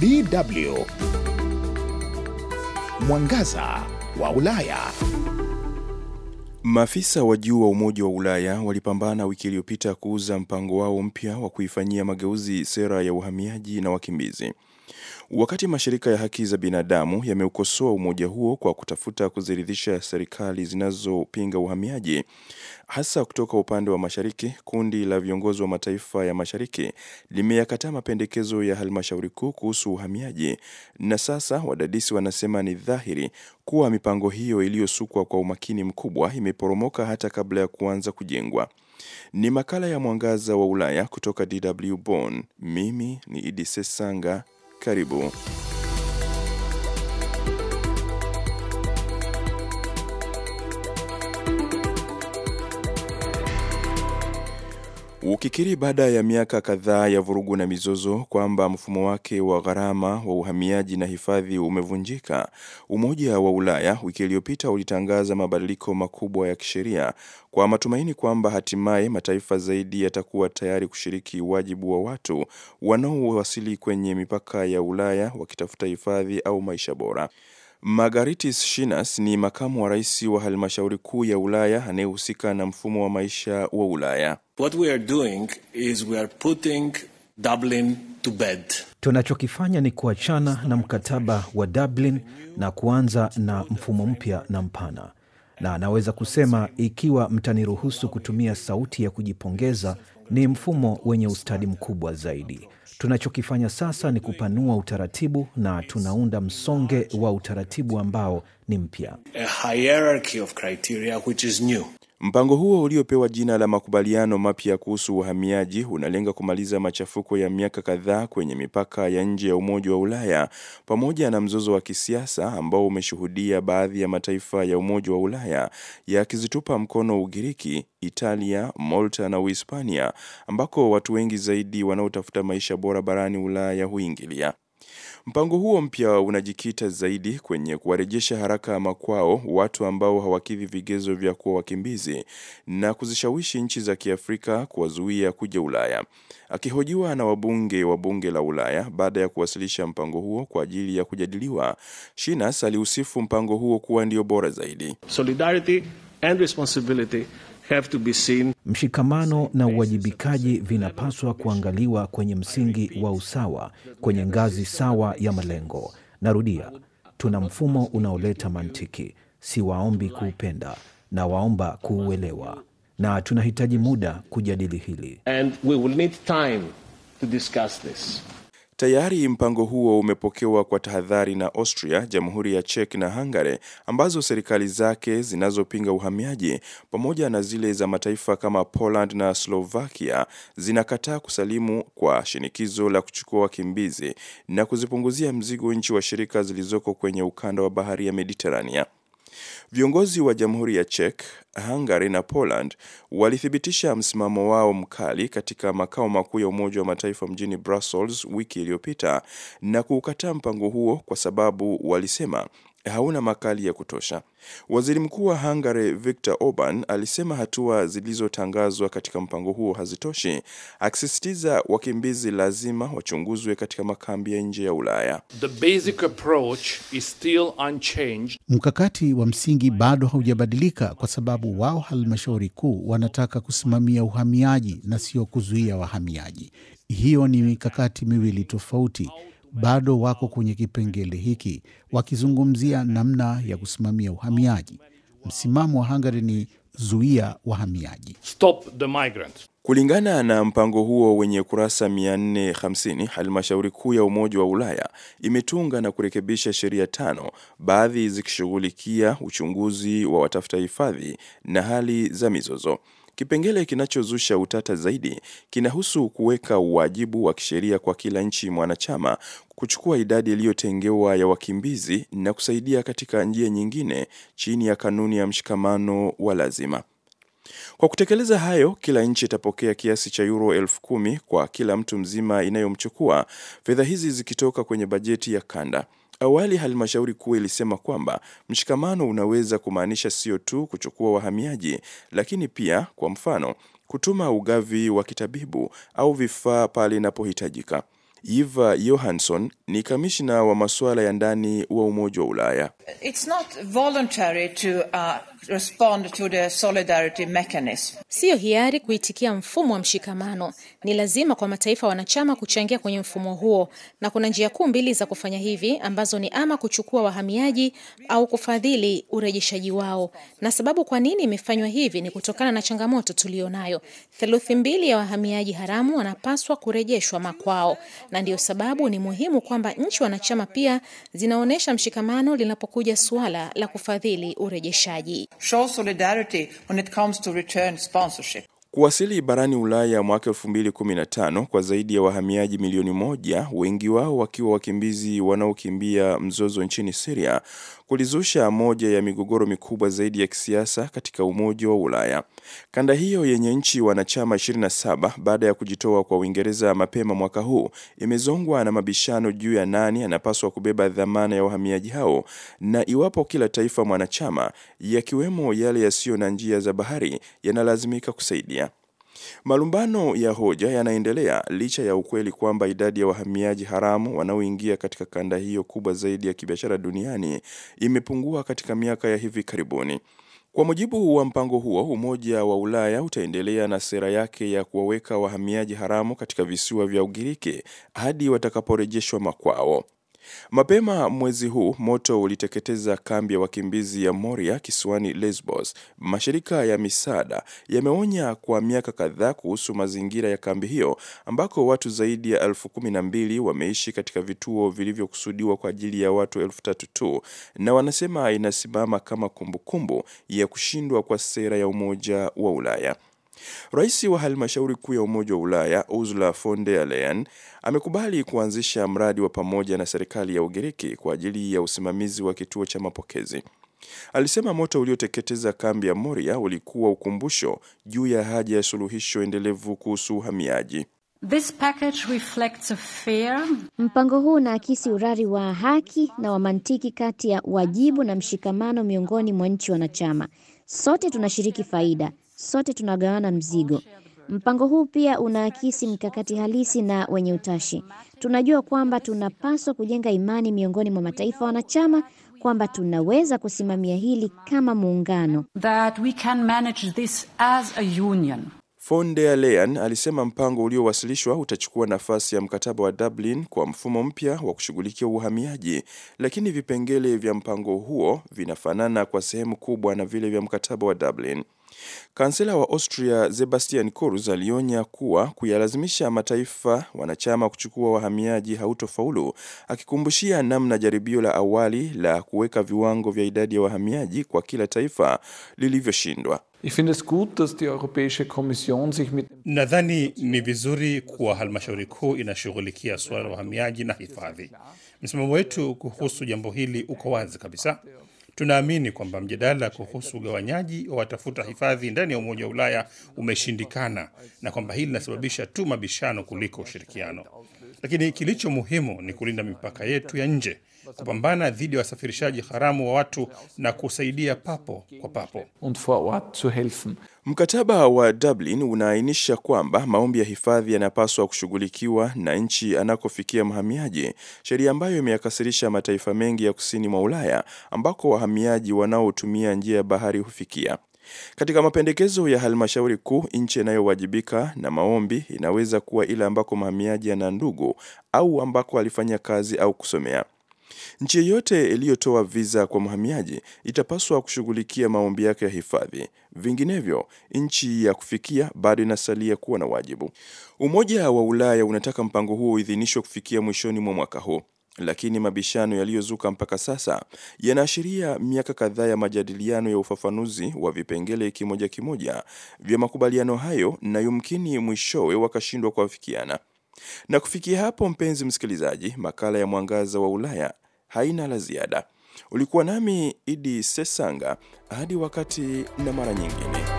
DW Mwangaza wa Ulaya. Maafisa wa juu wa Umoja wa Ulaya walipambana wiki iliyopita kuuza mpango wao mpya wa kuifanyia mageuzi sera ya uhamiaji na wakimbizi. Wakati mashirika ya haki za binadamu yameukosoa umoja huo kwa kutafuta kuziridhisha serikali zinazopinga uhamiaji, hasa kutoka upande wa mashariki, kundi la viongozi wa mataifa ya mashariki limeyakataa mapendekezo ya halmashauri kuu kuhusu uhamiaji, na sasa wadadisi wanasema ni dhahiri kuwa mipango hiyo iliyosukwa kwa umakini mkubwa imeporomoka hata kabla ya kuanza kujengwa. Ni makala ya Mwangaza wa Ulaya kutoka DW Bonn. Mimi ni Idi Sesanga. Caribou. ukikiri baada ya miaka kadhaa ya vurugu na mizozo kwamba mfumo wake wa gharama wa uhamiaji na hifadhi umevunjika. Umoja wa Ulaya wiki iliyopita ulitangaza mabadiliko makubwa ya kisheria kwa matumaini kwamba hatimaye mataifa zaidi yatakuwa tayari kushiriki wajibu wa watu wanaowasili kwenye mipaka ya Ulaya wakitafuta hifadhi au maisha bora. Margaritis Schinas ni makamu wa rais wa halmashauri kuu ya Ulaya anayehusika na mfumo wa maisha wa Ulaya. What we are doing is we are putting Dublin to bed. Tunachokifanya ni kuachana na mkataba wa Dublin na kuanza na mfumo mpya na mpana na naweza kusema ikiwa mtaniruhusu kutumia sauti ya kujipongeza, ni mfumo wenye ustadi mkubwa zaidi. Tunachokifanya sasa ni kupanua utaratibu na tunaunda msonge wa utaratibu ambao ni mpya. Mpango huo uliopewa jina la makubaliano mapya kuhusu uhamiaji unalenga kumaliza machafuko ya miaka kadhaa kwenye mipaka ya nje ya Umoja wa Ulaya pamoja na mzozo wa kisiasa ambao umeshuhudia baadhi ya mataifa ya Umoja wa Ulaya yakizitupa mkono Ugiriki, Italia, Malta na Uhispania ambako watu wengi zaidi wanaotafuta maisha bora barani Ulaya huingilia. Mpango huo mpya unajikita zaidi kwenye kuwarejesha haraka makwao watu ambao hawakidhi vigezo vya kuwa wakimbizi na kuzishawishi nchi za Kiafrika kuwazuia kuja Ulaya. Akihojiwa na wabunge wa bunge la Ulaya baada ya kuwasilisha mpango huo kwa ajili ya kujadiliwa, Shinas aliusifu mpango huo kuwa ndio bora zaidi. Solidarity and responsibility have to be seen. Mshikamano na uwajibikaji vinapaswa kuangaliwa kwenye msingi wa usawa kwenye ngazi sawa ya malengo. Narudia, tuna mfumo unaoleta mantiki, si waombi kuupenda na waomba kuuelewa, na tunahitaji muda kujadili hili. And we will need time to discuss this. Tayari mpango huo umepokewa kwa tahadhari na Austria, Jamhuri ya Czech na Hungary ambazo serikali zake zinazopinga uhamiaji pamoja na zile za mataifa kama Poland na Slovakia zinakataa kusalimu kwa shinikizo la kuchukua wakimbizi na kuzipunguzia mzigo nchi wa shirika zilizoko kwenye ukanda wa bahari ya Mediterania. Viongozi wa Jamhuri ya Czech, Hungary na Poland walithibitisha msimamo wao mkali katika makao makuu ya Umoja wa Mataifa mjini Brussels wiki iliyopita na kuukataa mpango huo kwa sababu walisema hauna makali ya kutosha. Waziri Mkuu wa Hungary Viktor Orban alisema hatua zilizotangazwa katika mpango huo hazitoshi, akisisitiza wakimbizi lazima wachunguzwe katika makambi ya nje ya Ulaya. The basic approach is still unchanged. Mkakati wa msingi bado haujabadilika kwa sababu wao halmashauri kuu wanataka kusimamia uhamiaji na sio kuzuia wahamiaji. Hiyo ni mikakati miwili tofauti bado wako kwenye kipengele hiki wakizungumzia namna ya kusimamia uhamiaji. Msimamo wa Hungary ni zuia wahamiaji. Stop the migrants. Kulingana na mpango huo wenye kurasa 450, halmashauri kuu ya Umoja wa Ulaya imetunga na kurekebisha sheria tano, baadhi zikishughulikia uchunguzi wa watafuta hifadhi na hali za mizozo. Kipengele kinachozusha utata zaidi kinahusu kuweka uwajibu wa kisheria kwa kila nchi mwanachama kuchukua idadi iliyotengewa ya wakimbizi na kusaidia katika njia nyingine chini ya kanuni ya mshikamano wa lazima. Kwa kutekeleza hayo, kila nchi itapokea kiasi cha euro elfu kumi kwa kila mtu mzima inayomchukua, fedha hizi zikitoka kwenye bajeti ya kanda. Awali halmashauri kuu ilisema kwamba mshikamano unaweza kumaanisha sio tu kuchukua wahamiaji, lakini pia kwa mfano kutuma ugavi wa kitabibu au vifaa pale inapohitajika. Eva Johansson ni kamishna wa masuala ya ndani wa Umoja wa Ulaya. It's not voluntary to, uh respond to the solidarity mechanism. Siyo hiari kuitikia mfumo wa mshikamano. Ni lazima kwa mataifa wanachama kuchangia kwenye mfumo huo, na kuna njia kuu mbili za kufanya hivi ambazo ni ama kuchukua wahamiaji au kufadhili urejeshaji wao. Na sababu kwa nini imefanywa hivi ni kutokana na changamoto tuliyonayo. Theluthi mbili ya wahamiaji haramu wanapaswa kurejeshwa makwao, na ndiyo sababu ni muhimu kwamba nchi wanachama pia zinaonyesha mshikamano linapokuja suala la kufadhili urejeshaji. show solidarity when it comes to return sponsorship. Kuwasili barani Ulaya mwaka 2015 kwa zaidi ya wahamiaji milioni moja, wengi wao wakiwa wakimbizi wanaokimbia mzozo nchini Syria, kulizusha moja ya migogoro mikubwa zaidi ya kisiasa katika Umoja wa Ulaya. Kanda hiyo yenye nchi wanachama 27 baada ya kujitoa kwa Uingereza mapema mwaka huu imezongwa na mabishano juu ya nani anapaswa kubeba dhamana ya wahamiaji hao na iwapo kila taifa mwanachama, yakiwemo yale yasiyo na njia za bahari, yanalazimika kusaidia. Malumbano ya hoja yanaendelea licha ya ukweli kwamba idadi ya wahamiaji haramu wanaoingia katika kanda hiyo kubwa zaidi ya kibiashara duniani imepungua katika miaka ya hivi karibuni. Kwa mujibu wa mpango huo, Umoja wa Ulaya utaendelea na sera yake ya kuwaweka wahamiaji haramu katika visiwa vya Ugiriki hadi watakaporejeshwa makwao. Mapema mwezi huu moto uliteketeza kambi ya wakimbizi ya Moria kisiwani Lesbos. Mashirika ya misaada yameonya kwa miaka kadhaa kuhusu mazingira ya kambi hiyo ambako watu zaidi ya elfu kumi na mbili wameishi katika vituo vilivyokusudiwa kwa ajili ya watu elfu tatu tu, na wanasema inasimama kama kumbukumbu ya kushindwa kwa sera ya Umoja wa Ulaya. Rais wa halmashauri kuu ya Umoja wa Ulaya Ursula von der Leyen amekubali kuanzisha mradi wa pamoja na serikali ya Ugiriki kwa ajili ya usimamizi wa kituo cha mapokezi. Alisema moto ulioteketeza kambi ya Moria ulikuwa ukumbusho juu ya haja ya suluhisho endelevu kuhusu uhamiaji. This package reflects a fair... Mpango huu unaakisi urari wa haki na wa mantiki kati ya wajibu na mshikamano miongoni mwa nchi wanachama. Sote tunashiriki faida sote tunagawana mzigo. Mpango huu pia unaakisi mkakati halisi na wenye utashi. Tunajua kwamba tunapaswa kujenga imani miongoni mwa mataifa wanachama kwamba tunaweza kusimamia hili kama muungano. That we can manage this as a union. Von der Leyen alisema mpango uliowasilishwa utachukua nafasi ya mkataba wa Dublin kwa mfumo mpya wa kushughulikia uhamiaji, lakini vipengele vya mpango huo vinafanana kwa sehemu kubwa na vile vya mkataba wa Dublin. Kansela wa Austria Sebastian Kurz alionya kuwa kuyalazimisha mataifa wanachama kuchukua wahamiaji hautofaulu, akikumbushia namna jaribio la awali la kuweka viwango vya idadi ya wahamiaji kwa kila taifa lilivyoshindwa. Nadhani ni vizuri kuwa halmashauri kuu inashughulikia suala la wahamiaji na hifadhi. Msimamo wetu kuhusu jambo hili uko wazi kabisa. Tunaamini kwamba mjadala kuhusu ugawanyaji wa watafuta hifadhi ndani ya Umoja wa Ulaya umeshindikana na kwamba hili linasababisha tu mabishano kuliko ushirikiano. Lakini kilicho muhimu ni kulinda mipaka yetu ya nje kupambana dhidi ya wasafirishaji haramu wa watu na kusaidia papo kwa papo. Mkataba wa Dublin unaainisha kwamba maombi ya hifadhi yanapaswa kushughulikiwa na nchi anakofikia mhamiaji, sheria ambayo imeyakasirisha mataifa mengi ya kusini mwa Ulaya ambako wahamiaji wanaotumia njia ya bahari hufikia. Katika mapendekezo ya halmashauri kuu, nchi inayowajibika na maombi inaweza kuwa ile ambako mhamiaji ana ndugu au ambako alifanya kazi au kusomea. Nchi yeyote iliyotoa viza kwa mhamiaji itapaswa kushughulikia maombi yake ya hifadhi, vinginevyo nchi ya kufikia bado inasalia kuwa na wajibu. Umoja wa Ulaya unataka mpango huo uidhinishwe kufikia mwishoni mwa mwaka huu, lakini mabishano yaliyozuka mpaka sasa yanaashiria miaka kadhaa ya majadiliano ya ufafanuzi wa vipengele kimoja kimoja vya makubaliano hayo na yumkini mwishowe wakashindwa kuafikiana. Na kufikia hapo, mpenzi msikilizaji, makala ya Mwangaza wa Ulaya haina la ziada. Ulikuwa nami Idi Sesanga hadi wakati na mara nyingine.